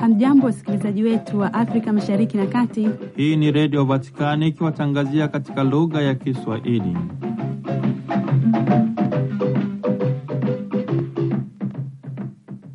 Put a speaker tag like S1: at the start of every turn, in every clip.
S1: Hamjambo, wasikilizaji wetu wa Afrika mashariki na kati.
S2: Hii ni Redio Vatikani ikiwatangazia katika lugha ya Kiswahili.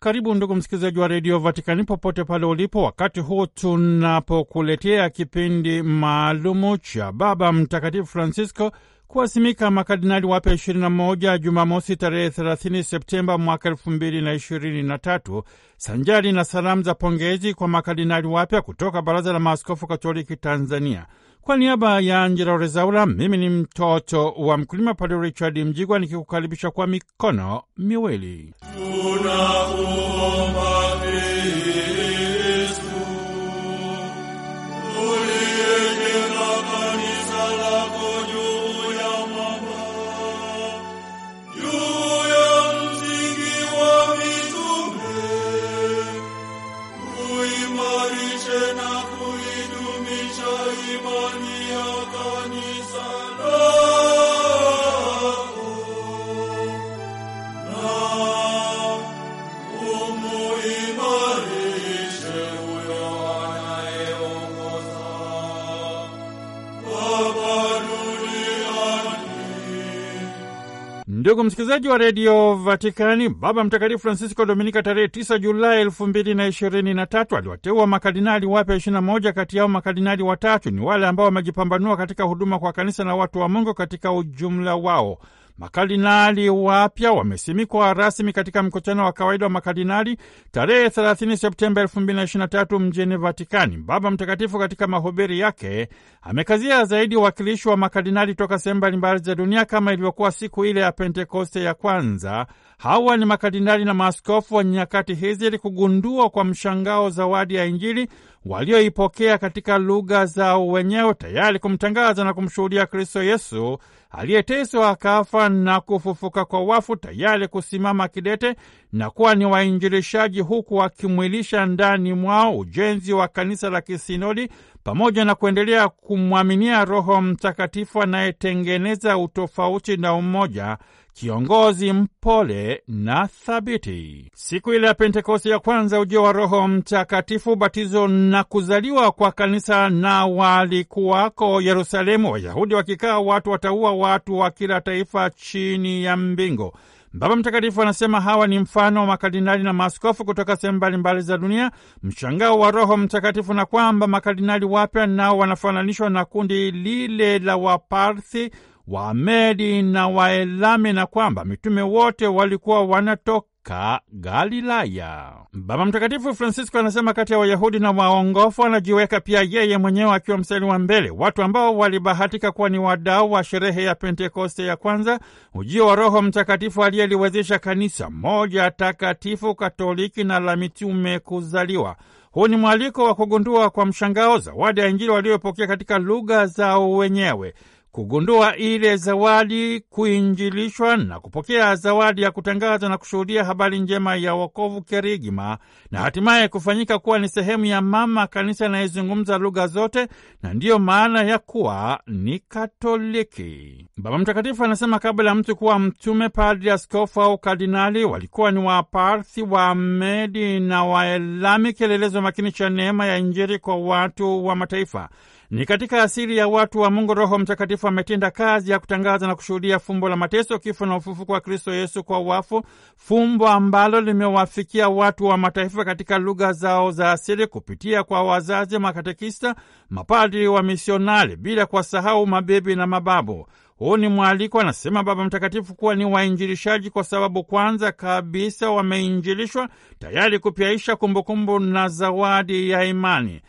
S2: Karibu ndugu msikilizaji wa redio Vatikani popote pale ulipo, wakati huu tunapokuletea kipindi maalumu cha Baba Mtakatifu Francisco kuwasimika makardinali wapya 21 Jumamosi tarehe 30 Septemba mwaka 2023 sanjari na salamu za pongezi kwa makardinali wapya kutoka Baraza la Maaskofu Katoliki Tanzania. Kwa niaba ya Angela Rezaula, mimi ni mtoto wa mkulima Padre Richard Mjigwa nikikukaribisha kwa mikono miwili Tuna Ndugu msikilizaji wa redio Vatikani, Baba Mtakatifu Francisco Dominika tarehe 9 Julai elfu mbili na ishirini na tatu aliwateua makardinali wapya ishirini na moja. Kati yao makardinali watatu ni wale ambao wamejipambanua katika huduma kwa kanisa na watu wa Mungu katika ujumla wao. Makardinali wapya wamesimikwa rasmi katika mkutano wa kawaida wa makardinali tarehe 30 Septemba 2023 mjini Vatikani. Baba Mtakatifu katika mahubiri yake amekazia zaidi uwakilishi wa makardinali toka sehemu mbalimbali za dunia kama ilivyokuwa siku ile ya Pentekoste ya kwanza Hawa ni makardinali na maaskofu wa nyakati hizi ili kugundua kwa mshangao zawadi ya Injili walioipokea katika lugha zao wenyewe, tayari kumtangaza na kumshuhudia Kristo Yesu aliyeteswa akafa na kufufuka kwa wafu, tayari kusimama kidete na kuwa ni wainjilishaji, huku wakimwilisha ndani mwao ujenzi wa kanisa la kisinodi pamoja na kuendelea kumwaminia Roho Mtakatifu anayetengeneza utofauti na umoja kiongozi mpole na thabiti. Siku ile ya Pentekoste ya kwanza, ujio wa Roho Mtakatifu, ubatizo na kuzaliwa kwa kanisa, na walikuwako Yerusalemu Wayahudi wakikaa, watu wataua, watu wa kila taifa chini ya mbingo. Baba Mtakatifu anasema hawa ni mfano wa makardinali na maaskofu kutoka sehemu mbalimbali za dunia, mshangao wa Roho Mtakatifu, na kwamba makardinali wapya nao wanafananishwa na kundi lile la Waparthi Wamedi na Waelami na kwamba mitume wote walikuwa wanatoka Galilaya. Baba Mtakatifu Francisco anasema kati ya Wayahudi na waongofu anajiweka pia yeye mwenyewe akiwa mstari wa mbele, watu ambao walibahatika kuwa ni wadau wa sherehe ya Pentekoste ya kwanza, ujio wa Roho Mtakatifu aliyeliwezesha kanisa moja takatifu katoliki na la mitume kuzaliwa. Huu ni mwaliko wa kugundua kwa mshangao zawadi ya Injili waliopokea katika lugha zao wenyewe kugundua ile zawadi, kuinjilishwa na kupokea zawadi ya kutangaza na kushuhudia habari njema ya wokovu kerigma, na hatimaye kufanyika kuwa ni sehemu ya mama kanisa inayezungumza lugha zote, na ndiyo maana ya kuwa ni Katoliki. Baba Mtakatifu anasema kabla ya mtu kuwa mtume, padri, askofu au kardinali, walikuwa ni wa Wamedi na Waelami, kielelezo makini cha neema ya Injili kwa watu wa mataifa. Ni katika asili ya watu wa Mungu Roho Mtakatifu ametenda kazi ya kutangaza na kushuhudia fumbo la mateso, kifo na ufufuko wa Kristo Yesu kwa wafu, fumbo ambalo limewafikia watu wa mataifa katika lugha zao za asili kupitia kwa wazazi, makatekista, mapadri wa misionari, bila kuwasahau mabibi na mababu. Huu ni mwaliko, anasema Baba Mtakatifu, kuwa ni wainjilishaji kwa sababu kwanza kabisa wameinjilishwa, tayari kupyaisha kumbukumbu na zawadi ya imani.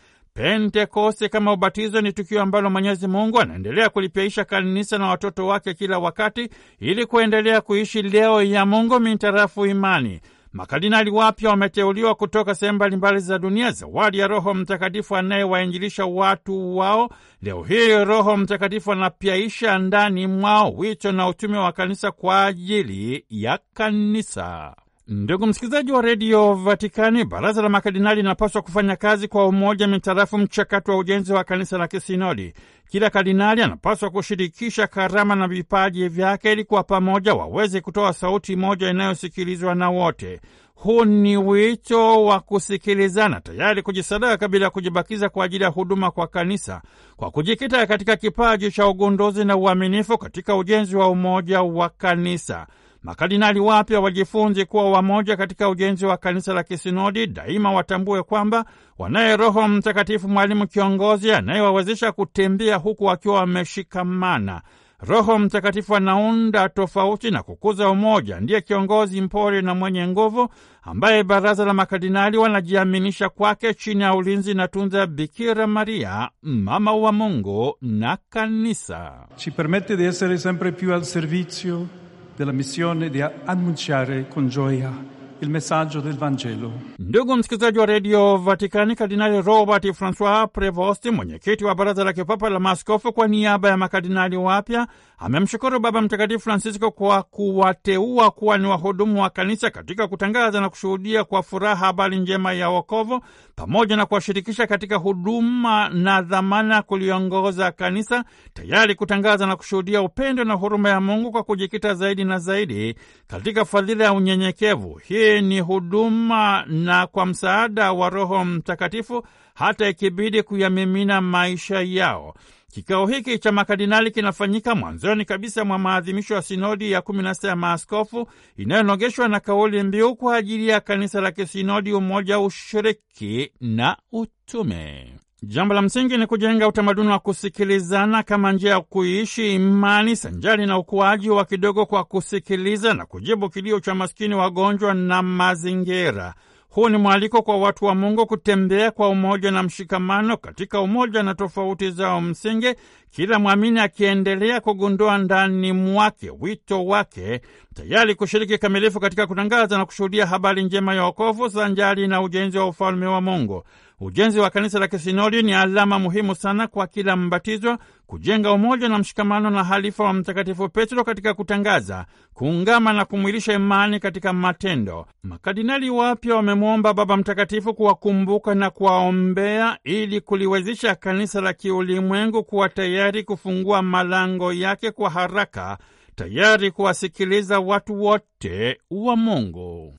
S2: Pentekoste kama ubatizo ni tukio ambalo Mwenyezi Mungu anaendelea kulipyaisha kanisa na watoto wake kila wakati ili kuendelea kuishi leo ya Mungu mintarafu imani. Makardinali wapya wameteuliwa kutoka sehemu mbalimbali za dunia, zawadi ya Roho Mtakatifu anayewainjilisha watu wao. Leo hii Roho Mtakatifu anapyaisha ndani mwao wito na utume wa kanisa kwa ajili ya kanisa. Ndugu msikilizaji wa redio Vatikani, baraza la makardinali linapaswa kufanya kazi kwa umoja mitarafu mchakato wa ujenzi wa kanisa la kisinodi. Kila kardinali anapaswa kushirikisha karama na vipaji vyake ili kwa pamoja waweze kutoa sauti moja inayosikilizwa na wote. Huu ni wito wa kusikilizana, tayari kujisadaka bila ya kujibakiza kwa ajili ya huduma kwa kanisa, kwa kujikita katika kipaji cha ugunduzi na uaminifu katika ujenzi wa umoja wa kanisa. Makardinali wapya wajifunze kuwa wamoja katika ujenzi wa kanisa la kisinodi. Daima watambue kwamba wanaye Roho Mtakatifu, mwalimu kiongozi, anayewawezesha kutembea huku wakiwa wameshikamana. Roho Mtakatifu anaunda tofauti na kukuza umoja. Ndiye kiongozi mpole na mwenye nguvu ambaye baraza la makardinali wanajiaminisha kwake chini ya ulinzi na tunza Bikira Maria, mama wa Mungu na Kanisa. ci permette di essere sempre più al servizio della missione di annunciare con gioia il messaggio del Vangelo. Ndugu msikilizaji wa redio vaticani Kardinali Robert Francois Prevost, mwenyekiti wa baraza la kipapa la maskofu, kwa niaba ya makardinali wapya, amemshukuru Baba Mtakatifu Francisco kwa kuwateua kuwa ni wahudumu wa kanisa katika kutangaza na kushuhudia kwa furaha habari njema ya wokovu, pamoja na kuwashirikisha katika huduma na dhamana kuliongoza kanisa, tayari kutangaza na kushuhudia upendo na huruma ya Mungu kwa kujikita zaidi na zaidi katika fadhila ya unyenyekevu hii ni huduma na kwa msaada wa Roho Mtakatifu, hata ikibidi kuyamimina maisha yao. Kikao hiki cha makardinali kinafanyika mwanzoni kabisa mwa maadhimisho ya sinodi ya kumi na sita ya maaskofu inayonogeshwa na kauli mbiu kwa ajili ya kanisa la kisinodi, umoja, ushiriki na utume. Jambo la msingi ni kujenga utamaduni wa kusikilizana kama njia ya kuishi imani sanjari na ukuaji wa kidogo kwa kusikiliza na kujibu kilio cha maskini, wagonjwa na mazingira. Huu ni mwaliko kwa watu wa Mungu kutembea kwa umoja na mshikamano katika umoja na tofauti zao msingi kila mwamini akiendelea kugundua ndani mwake wito wake, tayari kushiriki kamilifu katika kutangaza na kushuhudia habari njema ya wokovu sanjari na ujenzi wa ufalme wa Mungu. Ujenzi wa kanisa la kisinodi ni alama muhimu sana kwa kila mbatizwa kujenga umoja na mshikamano na halifa wa Mtakatifu Petro katika kutangaza, kuungama na kumwilisha imani katika matendo. Makardinali wapya wamemwomba Baba Mtakatifu kuwakumbuka na kuwaombea ili kuliwezesha kanisa la kiulimwengu kuwa tayari tayari kufungua malango yake kwa haraka, tayari kuwasikiliza watu wote wa Mungu.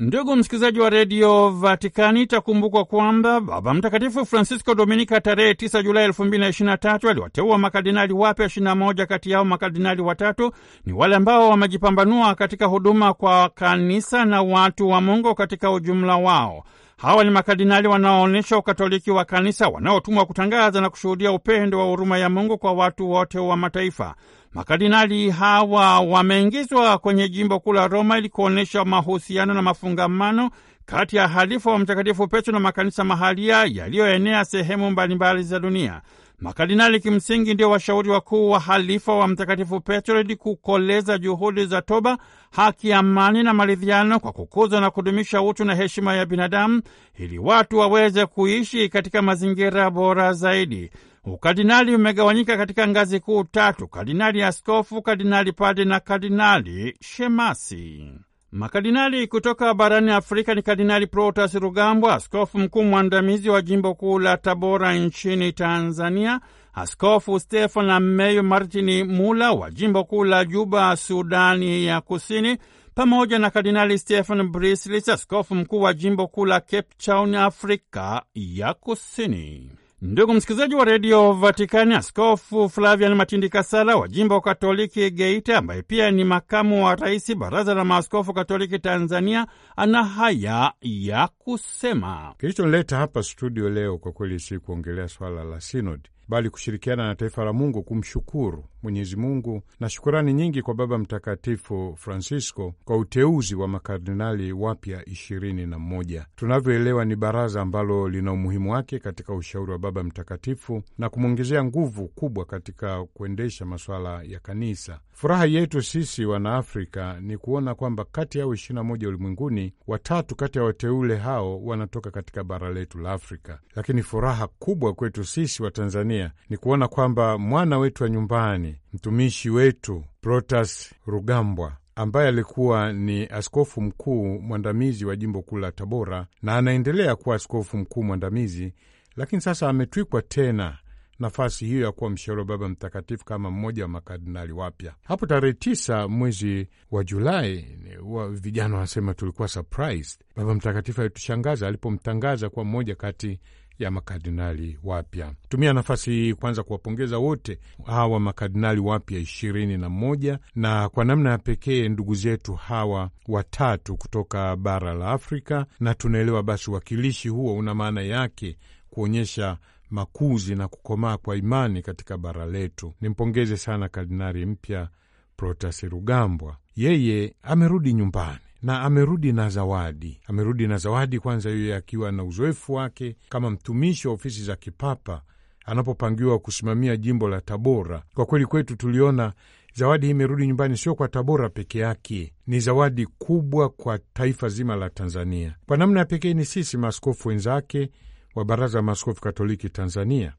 S2: Ndugu msikilizaji wa redio Vatikani, itakumbukwa kwamba Baba Mtakatifu Francisco Dominika tarehe 9 Julai 2023 aliwateua makardinali wapya 21. Kati yao makardinali watatu ni wale ambao wamejipambanua katika huduma kwa kanisa na watu wa Mungu katika ujumla wao. Hawa ni makardinali wanaoonyesha ukatoliki wa kanisa, wanaotumwa kutangaza na kushuhudia upendo wa huruma ya Mungu kwa watu wote wa mataifa. Makardinali hawa wameingizwa kwenye jimbo kuu la Roma ili kuonyesha mahusiano na mafungamano kati ya halifa wa Mtakatifu Petro na makanisa mahalia yaliyoenea sehemu mbalimbali za dunia. Makardinali kimsingi ndio washauri wakuu wa halifa wa Mtakatifu Petro ili kukoleza juhudi za toba, haki, amani na maridhiano kwa kukuza na kudumisha utu na heshima ya binadamu ili watu waweze kuishi katika mazingira bora zaidi. Ukardinali umegawanyika katika ngazi kuu tatu: kardinali askofu, kardinali pade na kardinali shemasi. Makardinali kutoka barani Afrika ni Kardinali Protas Rugambwa, askofu mkuu mwandamizi wa jimbo kuu la Tabora nchini Tanzania, Askofu Stefana Ameyo Martini Mula wa jimbo kuu la Juba, Sudani ya Kusini, pamoja na Kardinali Stephen Brislis, askofu mkuu wa jimbo kuu la Cape Town, Afrika ya Kusini. Ndugu msikilizaji wa redio Vatikani, Askofu Flavian Kasala wa jimbo Katoliki Geita, ambaye pia ni makamu wa rais baraza la maaskofu Katoliki Tanzania, ana haya ya kusema.
S1: Kilichonileta hapa studio leo kwa kweli si kuongelea swala la sinodi bali kushirikiana na taifa la Mungu kumshukuru Mwenyezi Mungu, na shukurani nyingi kwa Baba Mtakatifu Francisco kwa uteuzi wa makardinali wapya ishirini na mmoja. Tunavyoelewa ni baraza ambalo lina umuhimu wake katika ushauri wa Baba Mtakatifu na kumwongezea nguvu kubwa katika kuendesha masuala ya kanisa. Furaha yetu sisi Wanaafrika ni kuona kwamba kati yao ishirini na moja ulimwenguni, watatu kati ya wateule hao wanatoka katika bara letu la Afrika, lakini furaha kubwa kwetu sisi Watanzania Tanzania ni kuona kwamba mwana wetu wa nyumbani, mtumishi wetu Protas Rugambwa ambaye alikuwa ni askofu mkuu mwandamizi wa jimbo kuu la Tabora na anaendelea kuwa askofu mkuu mwandamizi, lakini sasa ametwikwa tena nafasi hiyo ya kuwa mshauri wa Baba Mtakatifu kama mmoja wa makardinali wapya. Hapo tarehe tisa mwezi wa Julai wa vijana wanasema tulikuwa surprised. Baba Mtakatifu alitushangaza alipomtangaza kuwa mmoja kati ya makardinali wapya. Tumia nafasi hii kwanza kuwapongeza wote hawa makardinali wapya ishirini na moja na kwa namna ya pekee ndugu zetu hawa watatu kutoka bara la Afrika, na tunaelewa basi uwakilishi huo una maana yake kuonyesha makuzi na kukomaa kwa imani katika bara letu. Nimpongeze sana kardinali mpya Protase Rugambwa, yeye amerudi nyumbani na amerudi na zawadi. Amerudi na zawadi kwanza, yeye akiwa na uzoefu wake kama mtumishi wa ofisi za kipapa anapopangiwa kusimamia jimbo la Tabora. Kwa kweli kwetu tuliona zawadi hii imerudi nyumbani, sio kwa Tabora peke yake, ni zawadi kubwa kwa taifa zima la Tanzania. Kwa namna ya pekee, ni sisi maaskofu wenzake wa Baraza la Maaskofu Katoliki Tanzania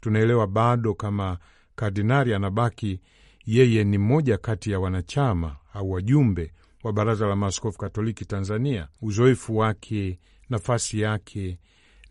S1: tunaelewa bado kama kardinari anabaki yeye ni mmoja kati ya wanachama au wajumbe wa Baraza la Maaskofu Katoliki Tanzania, uzoefu wake, nafasi yake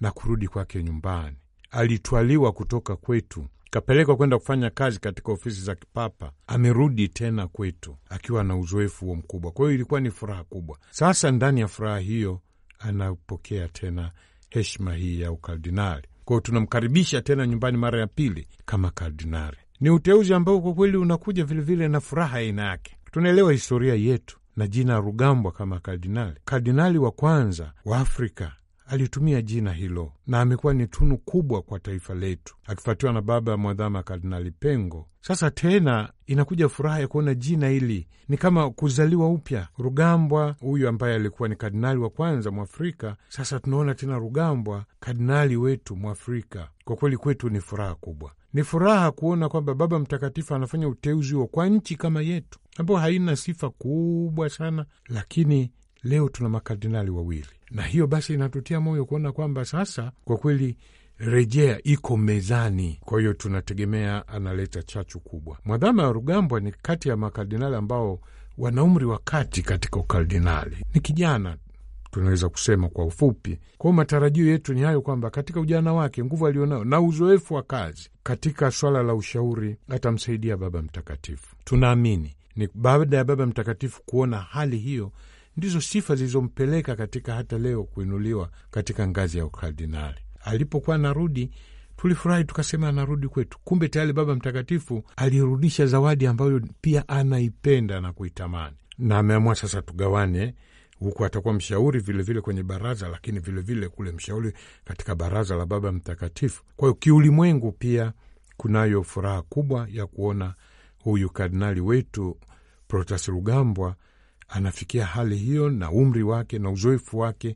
S1: na kurudi kwake nyumbani. Alitwaliwa kutoka kwetu kapelekwa kwenda kufanya kazi katika ofisi za kipapa. Amerudi tena kwetu akiwa na uzoefu huo mkubwa. Kwa hiyo ilikuwa ni furaha kubwa. Sasa ndani ya furaha hiyo anapokea tena heshima hii ya ukardinali. Kwa hiyo tunamkaribisha tena nyumbani mara ya pili kama kardinali. Ni uteuzi ambao kwa kweli unakuja vilevile na furaha aina yake. Tunaelewa historia yetu, na jina Rugambwa kama kardinali. Kardinali wa kwanza wa Afrika alitumia jina hilo na amekuwa ni tunu kubwa kwa taifa letu, akifuatiwa na baba ya mwadhama Kardinali Pengo. Sasa tena inakuja furaha ya kuona jina hili ni kama kuzaliwa upya. Rugambwa huyu ambaye alikuwa ni kardinali wa kwanza Mwafrika, sasa tunaona tena Rugambwa kardinali wetu Mwafrika. Kwa kweli kwetu ni furaha kubwa. Ni furaha kuona kwamba Baba Mtakatifu anafanya uteuzi huo kwa nchi kama yetu ambayo haina sifa kubwa sana, lakini leo tuna makardinali wawili, na hiyo basi inatutia moyo kuona kwamba sasa kwa kweli rejea iko mezani. Kwa hiyo tunategemea analeta chachu kubwa. Mwadhama wa Rugambwa ni kati ya makardinali ambao wana umri wa kati katika ukardinali, ni kijana tunaweza kusema kwa ufupi. Kwa hiyo matarajio yetu ni hayo, kwamba katika ujana wake, nguvu alionayo na uzoefu wa kazi katika swala la ushauri atamsaidia Baba Mtakatifu. Tunaamini ni baada ya Baba Mtakatifu kuona hali hiyo ndizo sifa zilizompeleka katika hata leo kuinuliwa katika ngazi ya ukardinali. Alipokuwa anarudi, tulifurahi tukasema, anarudi kwetu. Kumbe tayari Baba Mtakatifu alirudisha zawadi ambayo pia anaipenda na kuitamani, na ameamua sasa tugawane huku atakuwa mshauri vilevile vile kwenye baraza, lakini vilevile vile kule mshauri katika baraza la Baba Mtakatifu. Kwa hiyo kiulimwengu pia kunayo furaha kubwa ya kuona huyu kardinali wetu Protas Rugambwa anafikia hali hiyo na umri wake na uzoefu wake,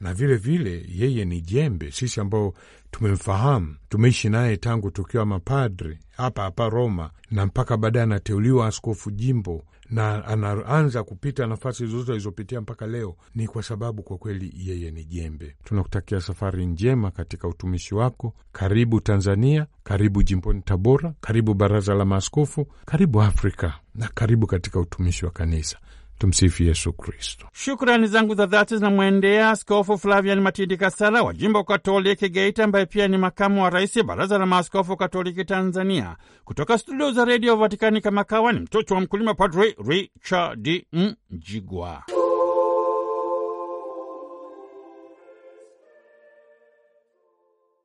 S1: na vilevile vile, yeye ni jembe. Sisi ambao tumemfahamu tumeishi naye tangu tukiwa mapadri hapa hapa Roma, na mpaka baadaye anateuliwa askofu jimbo na anaanza kupita nafasi zozote alizopitia mpaka leo, ni kwa sababu kwa kweli yeye ni jembe. Tunakutakia safari njema katika utumishi wako. Karibu Tanzania, karibu jimboni Tabora, karibu baraza la maaskofu, karibu Afrika na karibu katika utumishi wa kanisa. Tumsifu Yesu Kristo.
S2: Shukrani zangu za dhati zinamwendea Askofu Flavian Matindi Kasala wa jimbo Katoliki Geita, ambaye pia ni makamu wa rais Baraza la Maaskofu Katoliki Tanzania. Kutoka studio za redio Vatikani, kama kawa ni mtoto wa mkulima, Padri Richard Mjigwa.